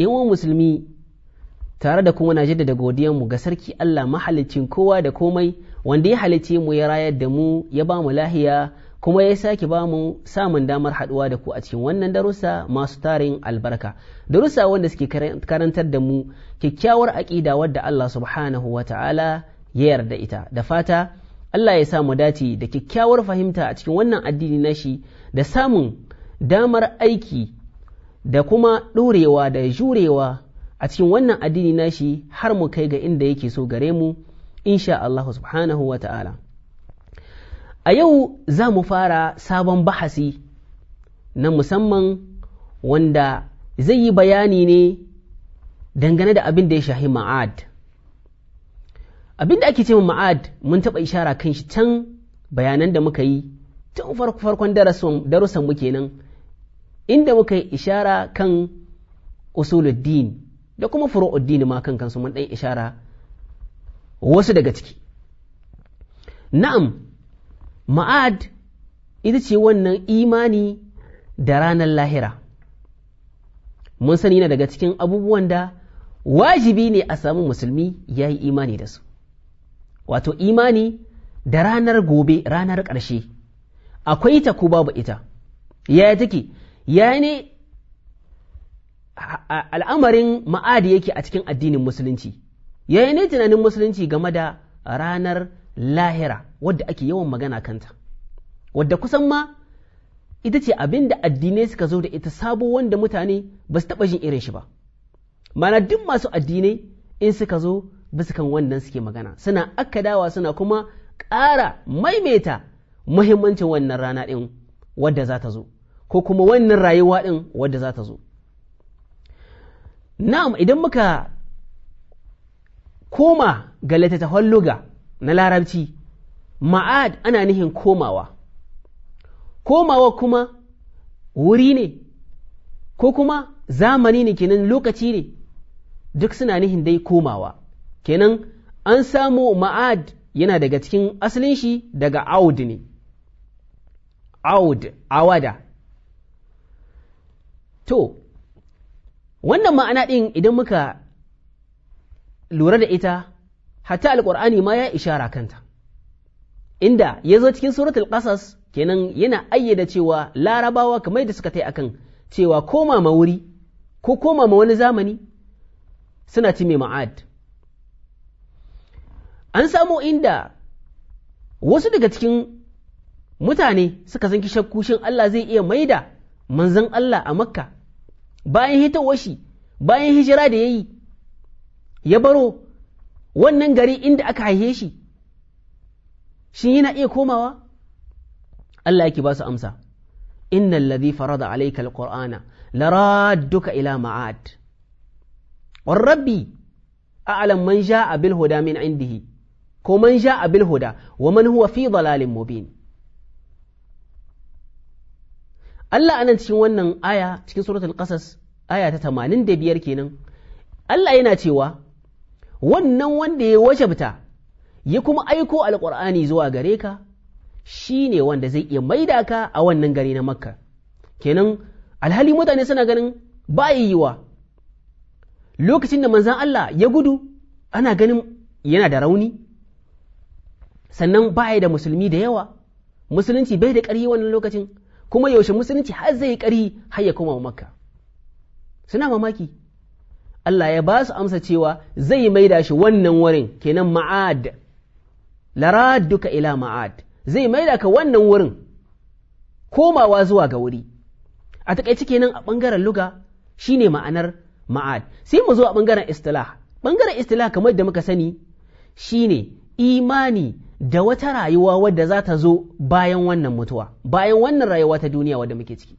yawan musulmi tare da kuma na jaddada mu ga sarki Allah mahalicin kowa da komai wanda ya halice mu ya rayar da mu ya ba mu lahiya kuma ya sake ba mu samun damar haduwa da ku a cikin wannan darussa masu tarin albarka darussa wanda suke karantar da mu kyakkyawar aƙida wadda Allah subhanahu wata'ala ya yarda ita da fata Allah ya sa mu dace da kyakkyawar fahimta a cikin wannan addini nashi da samun damar aiki da kuma ɗorewa da jurewa a cikin wannan addini nashi har mu kai ga inda yake so gare mu insha Allah subhanahu wa ta'ala a yau za mu fara sabon bahasi na musamman wanda zai yi bayani ne dangane da abin da ya shahi ma'ad abin da ake ce ma'ad mun taɓa ishara kan shi can bayanan da muka yi tun farko farkon darussan mu kenan inda muka yi ishara kan usuluddin da kuma furu'uddin ma kan kansu mun ɗan ishara wasu daga ciki na'am ma'ad ita ce wannan imani da ranar lahira mun sani yana daga cikin abubuwan da wajibi ne a samu musulmi ya yi imani da su wato imani da ranar gobe ranar ƙarshe akwai ta ko babu ita yaya take yani al'amarin ma'adi yake a cikin addinin musulunci ne tunanin musulunci game da ranar lahira wadda ake yawan magana kanta wadda kusan ma ita ce abin da addinai suka zo da ita sabo wanda mutane ba su taɓa jin irin shi ba mana duk masu addinai in suka zo su kan wannan suke magana suna akkadawa suna kuma ƙara maimaita muhimmancin wannan rana ɗin wadda za ta zo ko kuma wannan rayuwa ɗin wadda za ta zo na'am idan muka koma ga littattafan loga na larabci ma'ad ana nihin komawa komawa kuma wuri ne ko kuma zamani ne kenan lokaci ne duk suna nihin dai komawa kenan an samu ma'ad yana daga cikin asalin shi daga aud ne aud awada to wannan ma'ana ɗin idan muka lura da ita hatta alƙur'ani ma ya ishara kanta inda ya zo cikin suratul ƙasas kenan yana ayyada cewa larabawa kamar da suka tai akan cewa koma ma wuri ko koma ma wani zamani suna ci mai ma'ad an samu inda wasu daga cikin mutane suka san shakku shin Allah zai iya maida manzon Allah a makka bayan hitowar shi bayan hijira da ya yi ya baro wannan gari inda aka haihe shi shi yana iya komawa Allah yake ba su amsa inna alladhi farada alayka alqur'ana laradduka ila ma'ad war rabbi a'lam man ja'a bil huda min indihi ko man ja'a bil huda wa man huwa fi dalalin mubin Allah anan cikin wannan aya cikin suratul qasas aya ta tamanin da biyar kenan Allah yana cewa wannan wanda ya fita ya kuma aiko alqur'ani zuwa gare ka shine wanda zai iya maida ka a wannan gari na makka kenan alhali mutane suna ganin ba yiwa lokacin da manzan Allah ya gudu ana ganin yana da rauni sannan ba da musulmi da yawa musulunci bai da ƙarfi wannan lokacin kuma yaushe musulunci har zai ƙari har ya koma makka suna mamaki Allah ya ba su amsa cewa zai maida shi wannan wurin kenan ma'ad duka ila ma'ad zai maida ka wannan wurin komawa zuwa ga wuri a takaice kenan a ɓangaren luga shine ma'anar ma'ad sai mu zo a ɓangaren istilah ɓangaren istilah kamar da muka sani shine imani da wata rayuwa wadda za ta zo bayan wannan mutuwa bayan wannan rayuwa ta duniya wadda muke ciki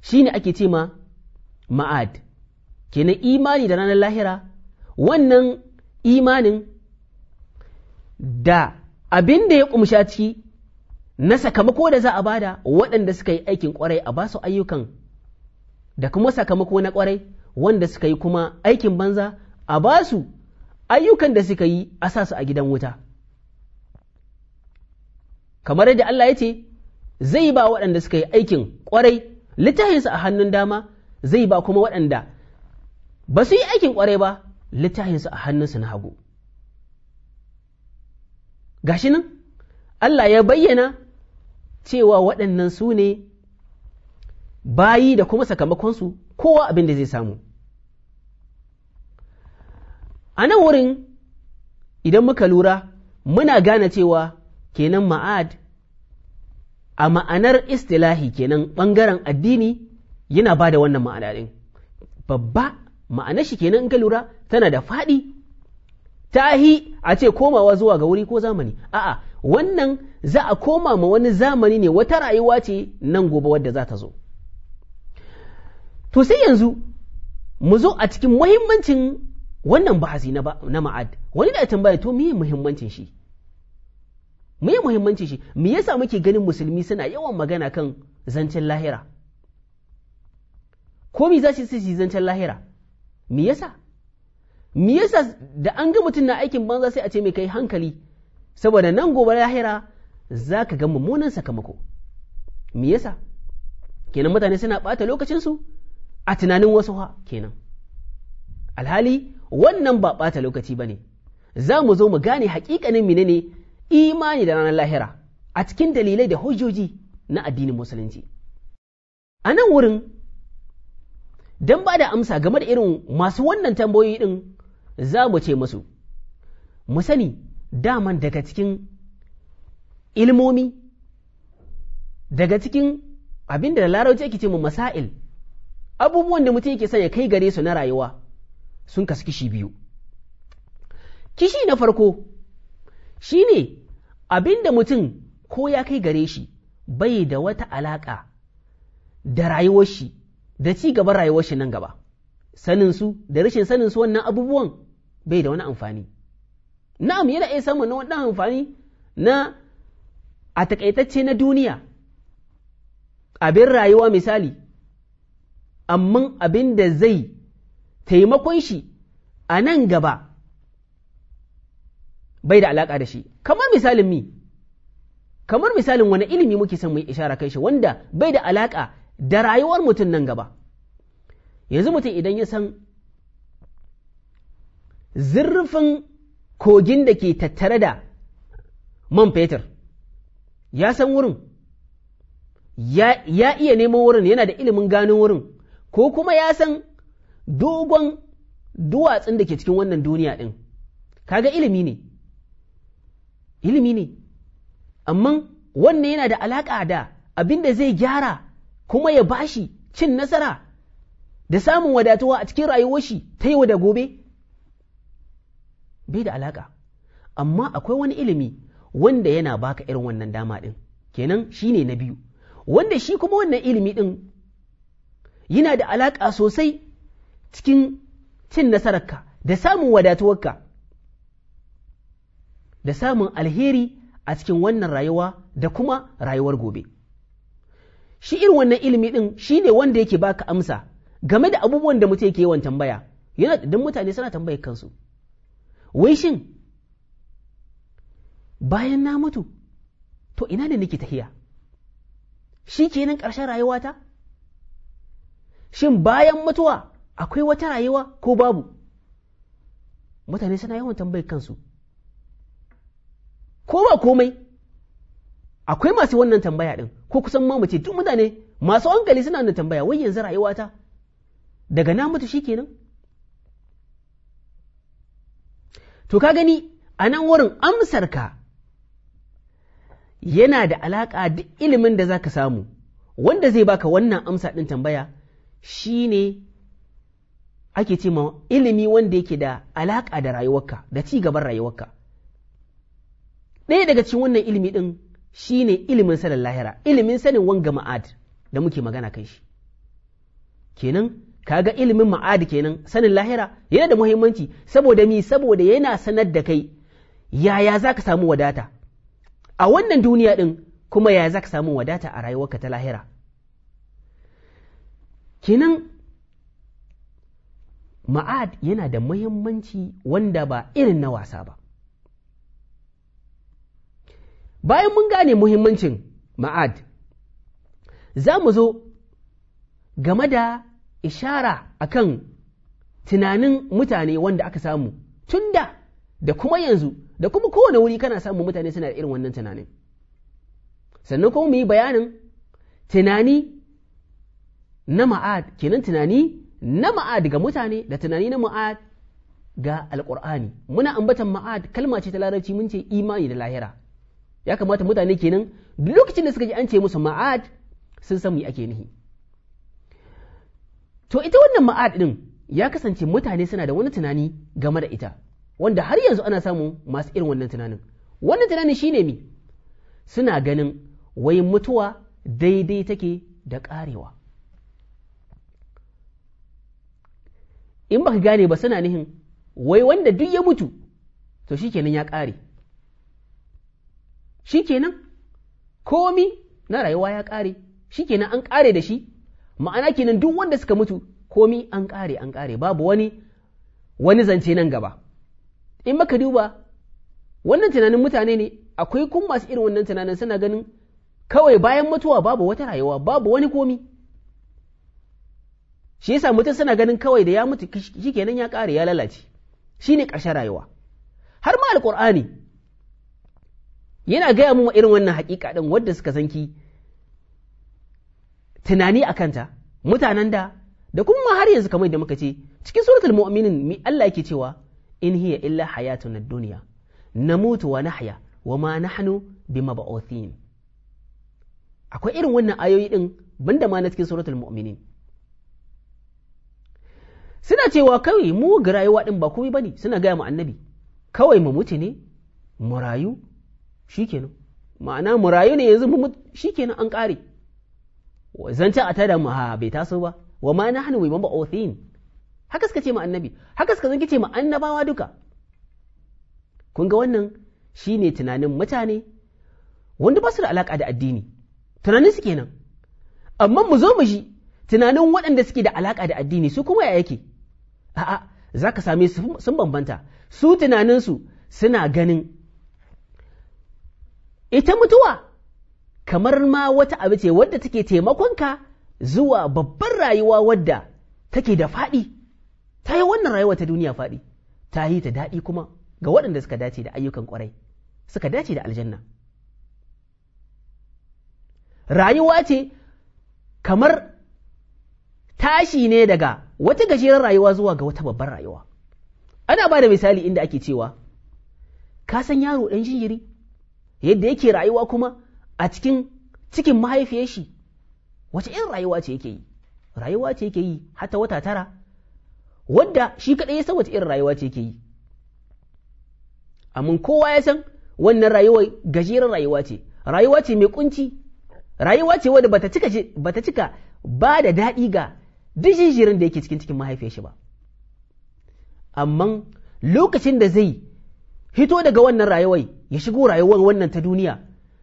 shi ne ake ce ma ma'ad kenan imani da ranar lahira wannan imanin da abin da ya kumsha ciki na sakamako da za a bada waɗanda suka yi aikin kwarai a basu ayyukan da kuma sakamako na kwarai wanda suka yi kuma aikin banza a basu ayyukan da suka yi a sa su a gidan wuta kamar yadda Allah ya ce zai ba waɗanda suka yi aikin ƙwarai littafinsu a hannun dama zai ba kuma waɗanda ba su yi aikin ƙwarai ba littafinsu a hannunsu na hagu gashi nan Allah ya bayyana cewa waɗannan su ne bayi da kuma sakamakonsu kowa abin da zai samu a nan wurin idan muka lura muna gane cewa kenan ma'ad a ma'anar istilahi kenan ɓangaren addini yana ba da wannan ma'ana ɗin babba ma'anar shi kenan in ka lura tana da faɗi hi a ce komawa zuwa ga wuri ko zamani a'a wannan za a koma ma wani zamani ne wata rayuwa ce nan gobe wadda za ta zo to sai yanzu mu zo a cikin muhimmancin wannan bahasi na ma'ad wani da tambaya to meye muhimmancin shi meye muhimmancin shi me yasa muke ganin musulmi suna yawan magana kan zancen lahira ko me za su yi zancen lahira me yasa me yasa da an ga mutum na aikin banza sai a ce mai kai hankali saboda nan gobe lahira za ka ga mummunan sakamako me yasa kenan mutane suna ɓata lokacinsu a tunanin wasu ha kenan alhali wannan ba ɓata lokaci ba ne za mu zo mu gane haƙiƙanin ne imani da ranar lahira a cikin dalilai da hujjoji na addinin musulunci a nan wurin don ba da amsa game da irin masu wannan tambayoyi ɗin za mu ce musu mu sani daman daga cikin ilmomi daga cikin abin da larauci yake ce mu masail abubuwan da mutum yake sanya kai gare su na rayuwa sun kasu kishi biyu kishi na farko shi ne abin da mutum ko ya kai gare shi bai da wata alaƙa da rayuwar shi da ci gaban rayuwar shi nan gaba saninsu da rashin saninsu wannan abubuwan bai da wani amfani na'am yana iya samun wani amfani na a takaitacce na duniya abin rayuwa misali amma abin da zai taimakon shi a nan gaba bai da alaƙa da shi kamar misalin mi kamar misalin wani ilimi muke son mu ishara kai shi wanda bai da alaƙa da rayuwar mutum nan gaba yanzu mutum idan ya san zurfin kogin da ke tattare da man fetur ya san wurin ya, iya neman wurin yana da ilimin ganin wurin ko kuma ya san dogon duwatsun da ke cikin wannan duniya ɗin kaga ilimi ne ilimi ne amma wannan yana da alaƙa da abin da zai gyara kuma ya bashi cin nasara da samun wadatuwa a cikin rayuwar shi ta yau da gobe bai da alaƙa amma akwai wani ilimi wanda yana baka irin wannan dama ɗin kenan shi ne na biyu wanda shi kuma wannan ilimi ɗin yana da alaƙa sosai cikin cin nasararka da samun wadatuwarka da samun alheri a cikin wannan rayuwa da kuma rayuwar gobe shi irin wannan ilimi ɗin shi ne wanda yake baka amsa game da abubuwan da mutum yake yawan tambaya yana don mutane suna tambayar kansu wai shin bayan na mutu to ina ne nake tahiya shi kenan ƙarshen rayuwata shin bayan mutuwa akwai wata rayuwa ko babu mutane suna yawan tambayi kansu ko ba komai akwai masu wannan tambaya din? ko kusan ma mace duk mutane masu hankali suna da tambaya wai yanzu rayuwata daga na mutu shikenan to ka gani a nan wurin amsarka yana da alaƙa duk ilimin da za ka samu wanda zai baka wannan amsa din tambaya shine ne ake ce ma ilimi wanda yake da alaƙa da rayuwarka da ci gaban rayuwarka ɗaya daga cikin wannan ilimi ɗin shine ilimin sanin lahira ilimin sanin wanga ma'ad da muke magana kai shi kenan kaga ilimin ma'ad kenan sanin lahira yana da muhimmanci saboda mi saboda yana sanar da kai yaya za ka samu wadata a wannan duniya ɗin kuma yaya za ka samu wadata a rayuwarka ta lahira kenan ma'ad yana da muhimmanci wanda ba irin na wasa ba bayan mun gane muhimmancin ma'ad za mu zo game da ishara akan tunanin mutane wanda aka samu tunda da kuma yanzu da kuma kowane wuri kana samun mutane suna da irin wannan tunanin sannan kuma mu yi bayanin tunani na ma'ad kenan tunani na ma'ad ga mutane da tunani na ma'ad ga alƙur'ani muna ambatan ma'ad kalma ce ta larabci mun ce imani da lahira ya kamata mutane kenan duk lokacin da suka ji an ce musu ma'ad sun san mu ake nihi to ita wannan ma'ad din ya kasance mutane suna da wani tunani game da ita wanda har yanzu ana samu masu irin wannan tunanin wannan tunanin shine mi suna ganin wai mutuwa daidai take da ƙarewa in baka gane ba suna nihin wai wanda duk ya mutu to shikenan ya ƙare shikenan komi na rayuwa ya ƙare shikenan an ƙare da shi ma'ana kenan duk wanda suka mutu komi an ƙare an ƙare babu wani wani zance nan gaba in baka duba wannan tunanin mutane ne akwai kun masu irin wannan tunanin suna ganin kawai bayan mutuwa babu wata rayuwa babu wani komi shi yasa mutum suna ganin kawai da ya mutu kenan ya ƙare ya lalace Shi ne ƙarshen rayuwa har ma alƙur'ani yana gaya mu irin wannan haƙiƙa ɗin wadda suka san ki tunani a kanta mutanen da da kuma har yanzu kamar da muka ce cikin suratul mu'minin mi Allah yake cewa in hiya illa hayatun ad-dunya namutu wa nahya wa ma nahnu bimab'uthin akwai irin wannan ayoyi din banda ma na cikin suratul mu'minin suna cewa kawai mu ga rayuwa ɗin ba komai suna gaya mu annabi kawai mu mutu ne mu rayu shikenan ma'ana mu rayu ne yanzu mu mutu shikenan an ƙare zance a tada mu ha bai taso ba wa ma nahnu bi othin haka suka ce mu annabi haka suka zan ce mu annabawa duka kun ga wannan shine tunanin mutane wanda ba su da alaƙa da addini tunanin su kenan amma mu zo mu ji tunanin waɗanda suke da alaƙa da addini su kuma ya yake a'a za ka same su sun bambanta su tunaninsu suna ganin ita mutuwa kamar ma wata abu ce wadda take taimakonka zuwa babbar rayuwa wadda take da faɗi ta yi wannan rayuwa ta duniya faɗi ta yi ta daɗi kuma ga waɗanda suka dace da ayyukan kwarai. suka dace da aljanna rayuwa ce kamar tashi ne daga wata gajeren rayuwa zuwa ga wata babbar rayuwa ana ba da misali inda ake cewa ka san yaro ɗan jinjiri yadda yake rayuwa kuma a cikin cikin mahaifiyar shi wace irin rayuwa ce yake yi rayuwa ce yake yi hata wata tara wadda shi kaɗai ya san wace irin rayuwa ce yake yi amma kowa ya san wannan rayuwa gajeren rayuwa ce rayuwa ce mai kunci rayuwa ce wadda bata cika bata cika ba da daɗi ga duk jinjirin da yake cikin cikin mahaifiyar shi ba amma lokacin da zai hito daga wannan rayuwar ya shigo rayuwar wannan ta duniya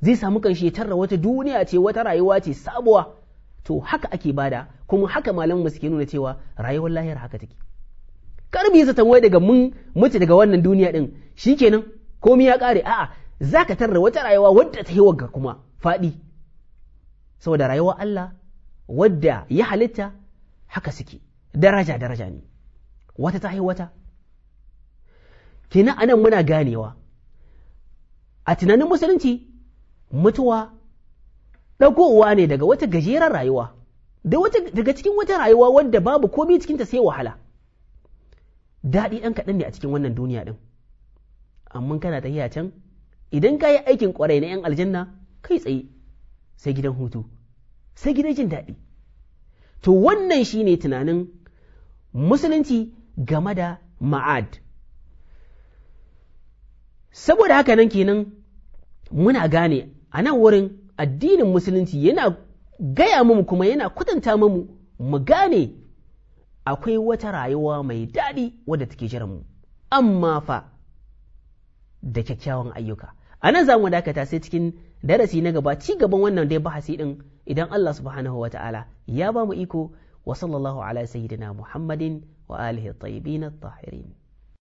zai samu kan ya tarra wata duniya ce wata rayuwa ce sabuwa to haka ake bada kuma haka malaman mu suke nuna cewa rayuwar lahira haka take karbi zata wai daga mun mutu daga wannan duniya din shikenan komai ya kare a'a zaka tarra wata rayuwa wadda ta yi ga kuma faɗi saboda rayuwar Allah wadda ya halitta haka suke daraja daraja ne wata ta wata kina anan muna ganewa a tunanin musulunci mutuwa ɗagowa ne daga wata gajeren rayuwa daga cikin wata rayuwa wadda babu komi cikinta sai wahala daɗi ɗan kaɗan ne a cikin wannan duniya ɗin amma kana ta tafiya can idan ka yi aikin ƙwarai na 'yan aljanna kai tsaye sai gidan hutu sai gidan jin daɗi to wannan shi ne tunanin musulunci game da ma'ad saboda haka nan kenan muna gane a nan wurin addinin musulunci yana gaya mu kuma yana kwatanta mu mu gane akwai wata rayuwa mai daɗi wadda take jiran mu amma fa da kyakkyawan ayyuka a nan za mu dakata sai cikin darasi na gaba ci gaban wannan dai bahasi ɗin idan Allah subhanahu wa ta'ala ya ba mu iko wa sallallahu ala sayyidina Muhammadin wa alihi at-tayyibin tahirin